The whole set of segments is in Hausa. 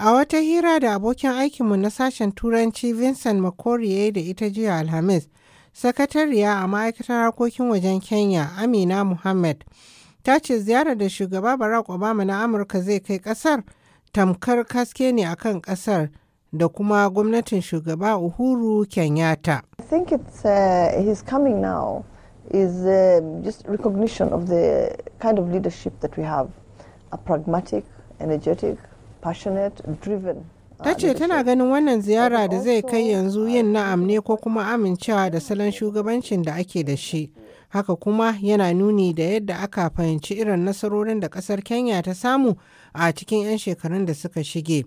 A wata hira da abokin aikinmu na sashen Turanci Vincent Makoriye da ita jiya Alhamis, sakatariya a ma'aikatar harkokin wajen Kenya Amina Muhammad ta ce ziyarar da shugaba Barack Obama na Amurka zai kai kasar tamkar kaske ne akan kasar da kuma gwamnatin shugaba Uhuru Kenyatta. I think it's uh, his coming now is uh, just recognition of the kind of leadership that we have, a pragmatic, energetic Uh, ta ce tana ganin wannan ziyara da zai kai yanzu uh, yin na'am ne ko kuma amincewa da salon shugabancin da ake da shi haka kuma yana nuni da yadda aka fahimci irin nasarorin da kasar kenya ta samu a cikin 'yan shekarun da suka shige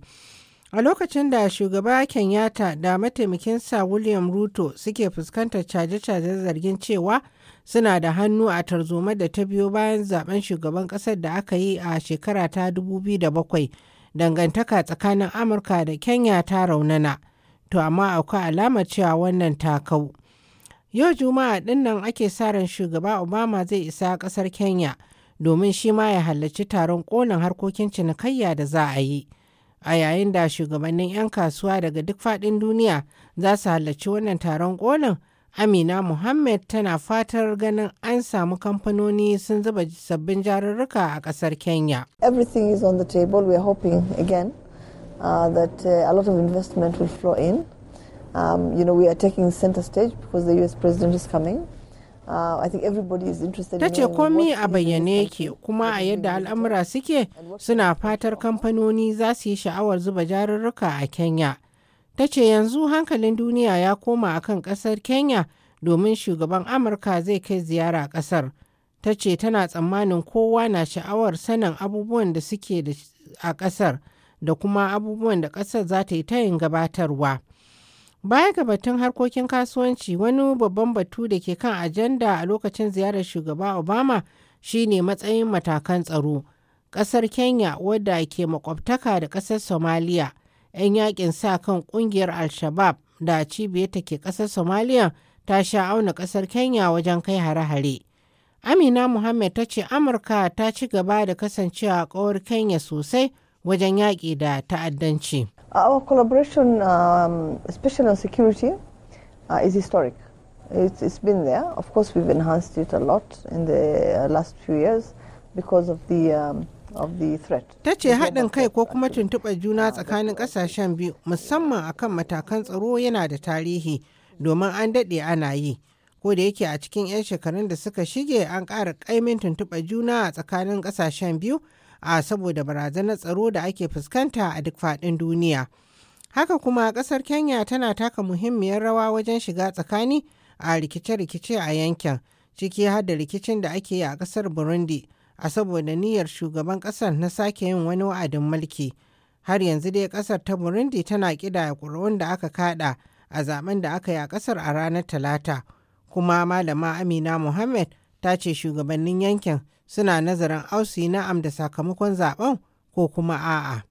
a lokacin da shugaba kenyatta da mataimakinsa william ruto suke fuskantar caje-cajen zargin cewa suna da hannu a tarzoma da ta biyo bayan zaben shugaban kasar da aka yi a shekara ta 2007 dangantaka tsakanin amurka da kenya ta raunana to amma akwai alamar cewa wannan ta kau yau juma'a dinnan ake sa ran shugaba obama zai isa kasar kenya domin shi ma ya halarci taron kolin harkokin cinikayya da za a yi a yayin da shugabannin 'yan kasuwa daga duk faɗin duniya za su halarci wannan taron kolin Amina Mohammed tana fatar ganin an samu kamfanoni sun zuba sabbin jarurruka a ƙasar Kenya. Everything is on the table. are hoping again uh, that uh, a lot of investment will flow in. Um, you know, we are taking center stage because the US president is coming. Uh, ta ce komi a bayyane yake kuma a yadda al'amura suke suna fatar kamfanoni za su yi sha'awar zuba jarurruka a Kenya. ta ce yanzu hankalin duniya ya koma a kan ƙasar kenya domin shugaban amurka zai kai ziyara ƙasar ta ce tana tsammanin kowa na sha'awar sanin abubuwan da suke a ƙasar da kuma abubuwan da ƙasar za ta yi tayin gabatarwa baya ga batun harkokin kasuwanci wani babban batu da ke kan ajanda a lokacin ziyarar shugaba obama shine matsayin matakan tsaro ƙasar kenya wadda ke makwabtaka da ƙasar somaliya 'yan yakin sa kan kungiyar al-shabab da cibiyar take ke kasar somaliya ta sha auna kasar kenya wajen kai hare-hare amina muhammad ta ce amurka ta ci gaba da kasancewa kawar kenya sosai wajen yaƙi da ta'addanci our collaboration um, especially on security uh, is historic it's, it's been there of course we've enhanced it a lot in the uh, last few years because of the um, Ta ce haɗin kai ko kuma tuntuɓar juna tsakanin ƙasashen biyu musamman a kan matakan tsaro yana da tarihi domin an daɗe ana yi. Ko da yake a cikin 'yan shekarun da suka shige an ƙara ƙaimin tuntuɓar juna a tsakanin ƙasashen biyu a saboda barazanar tsaro da ake fuskanta a duk faɗin duniya. Haka kuma ƙasar Kenya tana taka muhimmiyar rawa wajen shiga tsakani a rikice-rikice a yankin, ciki har da rikicin da ake yi a ƙasar Burundi. a saboda niyyar shugaban kasar na sake yin wani wa'adin mulki har yanzu dai kasar ta burundi tana kida ƙuri'un da aka kada a zaben da aka yi a kasar a ranar talata kuma malama amina mohammed ta ce shugabannin yankin suna nazarin ausi na'am da sakamakon zaben ko kuma a'a.